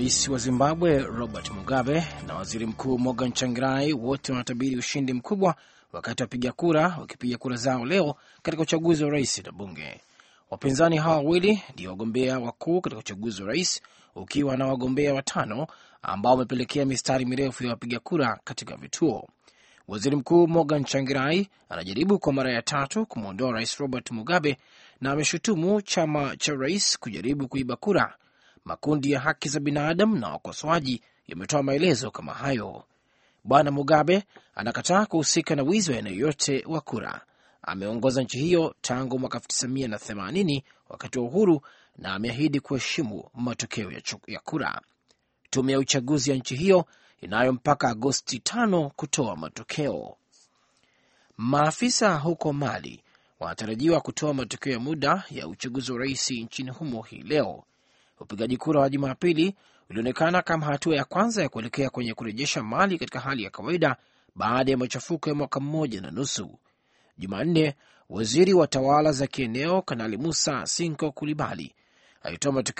Rais wa Zimbabwe Robert Mugabe na waziri mkuu Morgan Changirai wote wanatabiri ushindi mkubwa wakati wapiga kura wakipiga kura zao leo katika uchaguzi wa rais na bunge. Wapinzani hawa wawili ndio wagombea wakuu katika uchaguzi wa rais, ukiwa na wagombea watano ambao wamepelekea mistari mirefu ya wapiga kura katika vituo. Waziri Mkuu Morgan Changirai anajaribu kwa mara ya tatu kumwondoa rais Robert Mugabe na ameshutumu chama cha rais kujaribu kuiba kura Makundi ya haki za binadamu na wakosoaji yametoa maelezo kama hayo. Bwana Mugabe anakataa kuhusika na wizi wa eneo yote wa kura. Ameongoza nchi hiyo tangu mwaka 1980 wakati wa uhuru na ameahidi kuheshimu matokeo ya kura. Tume ya uchaguzi ya nchi hiyo inayo mpaka Agosti 5 kutoa matokeo. Maafisa huko Mali wanatarajiwa kutoa matokeo ya muda ya uchaguzi wa rais nchini humo hii leo, Upigaji kura wa Jumapili ulionekana kama hatua ya kwanza ya kuelekea kwenye kurejesha Mali katika hali ya kawaida baada ya machafuko ya mwaka mmoja na nusu. Jumanne, waziri wa tawala za kieneo Kanali Musa Sinko Kulibali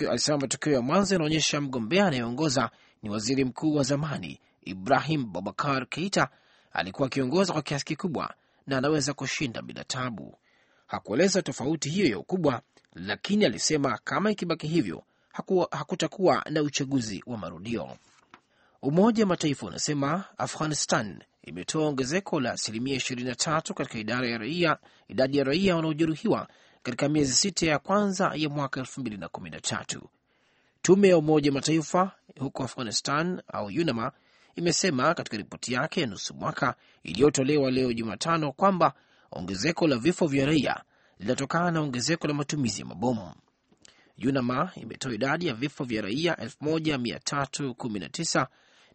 alisema matokeo ya mwanzo yanaonyesha mgombea anayeongoza ni waziri mkuu wa zamani Ibrahim Babakar Keita alikuwa akiongoza kwa kiasi kikubwa na anaweza kushinda bila tabu. Hakueleza tofauti hiyo ya ukubwa, lakini alisema kama ikibaki hivyo hakutakuwa na uchaguzi wa marudio. Umoja wa Mataifa unasema Afghanistan imetoa ongezeko la asilimia 23 katika idadi ya raia wanaojeruhiwa katika miezi sita ya kwanza ya mwaka 2013. Tume ya Umoja Mataifa huko Afghanistan au UNAMA imesema katika ripoti yake ya nusu mwaka iliyotolewa leo Jumatano kwamba ongezeko la vifo vya raia linatokana na ongezeko la matumizi ya mabomu junama imetoa idadi ya vifo vya raia 1319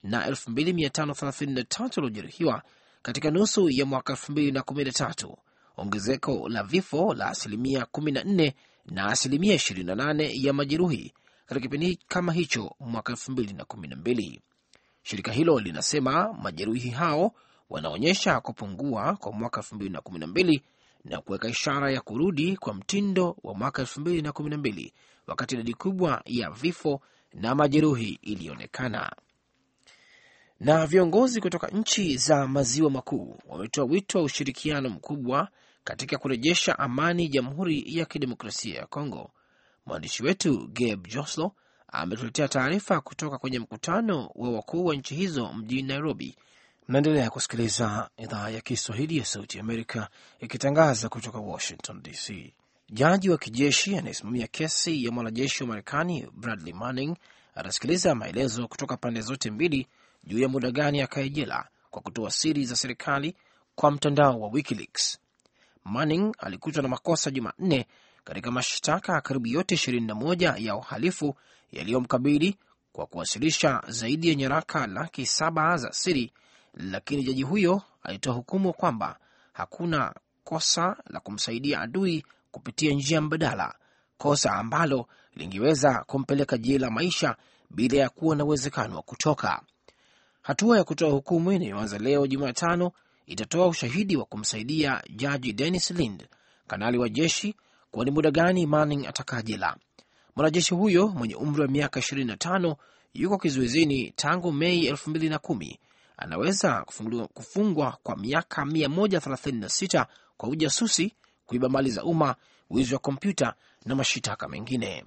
na 2533 waliojeruhiwa katika nusu ya mwaka 2013, ongezeko la vifo la asilimia 14 na asilimia 28 ya majeruhi katika kipindi kama hicho mwaka 2012. Shirika hilo linasema majeruhi hao wanaonyesha kupungua kwa mwaka 2012 na kuweka ishara ya kurudi kwa mtindo wa mwaka mbili wakati idadi kubwa ya vifo na majeruhi ilionekana. Na viongozi kutoka nchi za maziwa makuu wametoa wito wa ushirikiano mkubwa katika kurejesha amani Jamhuri ya Kidemokrasia ya Kongo. Mwandishi wetu Gabe Joslo ametuletea taarifa kutoka kwenye mkutano wa wakuu wa nchi hizo mjini Nairobi naendelea kusikiliza idhaa ya Kiswahili ya Sauti Amerika ikitangaza kutoka Washington DC. Jaji wa kijeshi anayesimamia kesi ya mwanajeshi wa Marekani Bradley Manning atasikiliza maelezo kutoka pande zote mbili juu ya muda gani akae jela kwa kutoa siri za serikali kwa mtandao wa WikiLeaks. Manning alikutwa na makosa Jumanne katika mashtaka karibu yote 21 ya uhalifu yaliyomkabili kwa kuwasilisha zaidi ya nyaraka laki saba za siri lakini jaji huyo alitoa hukumu kwamba hakuna kosa la kumsaidia adui kupitia njia mbadala, kosa ambalo lingeweza kumpeleka jela maisha bila ya kuwa na uwezekano wa kutoka. Hatua ya kutoa hukumu inayoanza leo Jumatano itatoa ushahidi wa kumsaidia jaji Dennis Lind, kanali wa jeshi, kuwa ni muda gani Manning atakaa jela. Mwanajeshi huyo mwenye umri wa miaka 25 yuko kizuizini tangu Mei 2010 anaweza kufungwa kwa miaka 136 kwa ujasusi, kuiba mali za umma, wizi wa kompyuta na mashitaka mengine.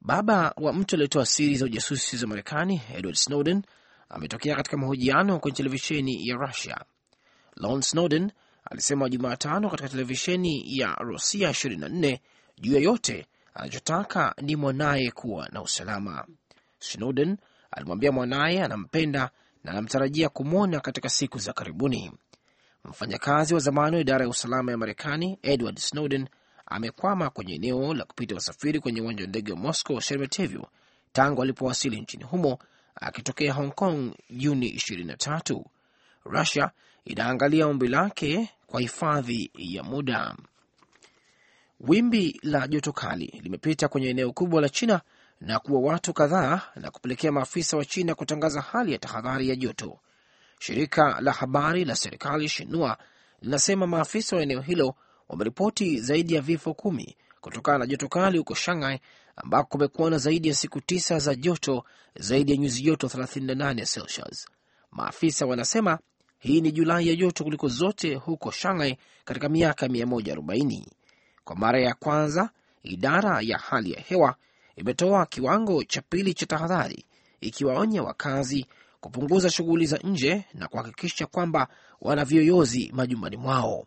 Baba wa mtu aliyetoa siri za ujasusi za Marekani, Edward Snowden, ametokea katika mahojiano kwenye televisheni ya Russia. Lon Snowden alisema Jumatano katika televisheni ya Rusia 24 juu ya yote anachotaka ni mwanaye kuwa na usalama. Snowden alimwambia mwanaye anampenda na anamtarajia kumwona katika siku za karibuni. Mfanyakazi wa zamani wa idara ya usalama ya Marekani Edward Snowden amekwama kwenye eneo la kupita wasafiri kwenye uwanja wa ndege wa Moscow Sheremetyevo tangu alipowasili nchini humo akitokea Hong Kong Juni 23. russia inaangalia ombi lake kwa hifadhi ya muda. Wimbi la joto kali limepita kwenye eneo kubwa la China na kuwa watu kadhaa na kupelekea maafisa wa China kutangaza hali ya tahadhari ya joto. Shirika la habari la serikali Shinua linasema maafisa wa eneo hilo wameripoti zaidi ya vifo kumi kutokana na joto kali huko Shanghai, ambako kumekuwa na zaidi ya siku tisa za joto zaidi ya nyuzi joto 38 Celsius. Maafisa wanasema hii ni Julai ya joto kuliko zote huko Shanghai katika miaka 140. Kwa mara ya kwanza idara ya hali ya hewa imetoa kiwango cha pili cha tahadhari, ikiwaonya wakazi kupunguza shughuli za nje na kuhakikisha kwamba wana viyoyozi majumbani mwao.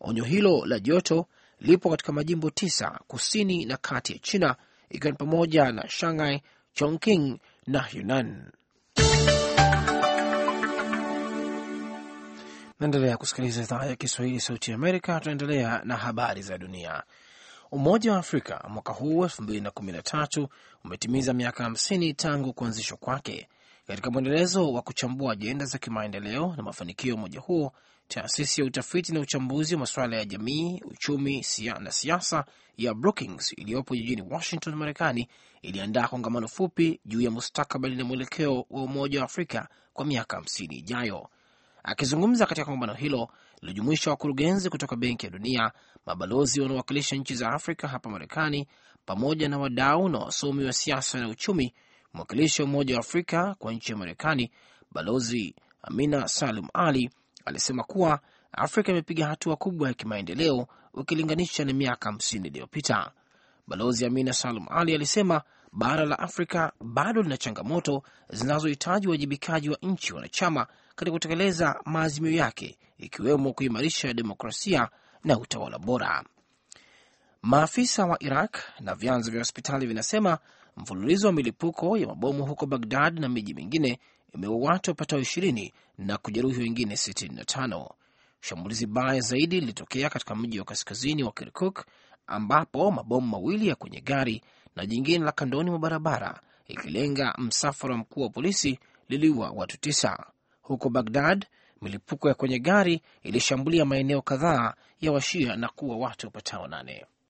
Onyo hilo la joto lipo katika majimbo tisa kusini na kati ya China, ikiwa ni pamoja na Shanghai, Chongqing na Hunan. Naendelea kusikiliza idhaa ya Kiswahili, Sauti ya Amerika. Tunaendelea na habari za dunia. Umoja wa Afrika mwaka huu 2013 umetimiza miaka 50 tangu kuanzishwa kwake. Katika mwendelezo wa kuchambua ajenda za kimaendeleo na mafanikio ya umoja huo, taasisi ya utafiti na uchambuzi wa masuala ya jamii, uchumi siya na siasa ya Brookings iliyopo jijini Washington, Marekani, iliandaa kongamano fupi juu ya mustakabali na mwelekeo wa Umoja wa Afrika kwa miaka 50 ijayo. Akizungumza katika kongamano hilo lilojumuisha wakurugenzi kutoka Benki ya Dunia, mabalozi wanaowakilisha nchi za Afrika hapa Marekani, pamoja na wadau na wasomi wa siasa na uchumi, mwakilishi wa Umoja wa Afrika kwa nchi ya Marekani, Balozi Amina Salum Ali alisema kuwa Afrika imepiga hatua kubwa ya kimaendeleo ukilinganisha na miaka 50 iliyopita. Balozi Amina Salum Ali alisema bara la Afrika bado lina changamoto zinazohitaji uwajibikaji wa nchi wanachama katika kutekeleza maazimio yake, ikiwemo kuimarisha demokrasia na utawala bora. Maafisa wa Iraq na vyanzo vya hospitali vinasema mfululizo wa milipuko ya mabomu huko Bagdad na miji mingine imeua watu wapatao ishirini na kujeruhi wengine tano. Shambulizi baya zaidi lilitokea katika mji wa kaskazini wa Kirkuk ambapo mabomu mawili ya kwenye gari na jingine la kandoni mwa barabara ikilenga msafara wa mkuu wa polisi liliua watu tisa. Huko Bagdad, milipuko ya kwenye gari ilishambulia maeneo kadhaa ya Washia na kuwa watu wapatao nane.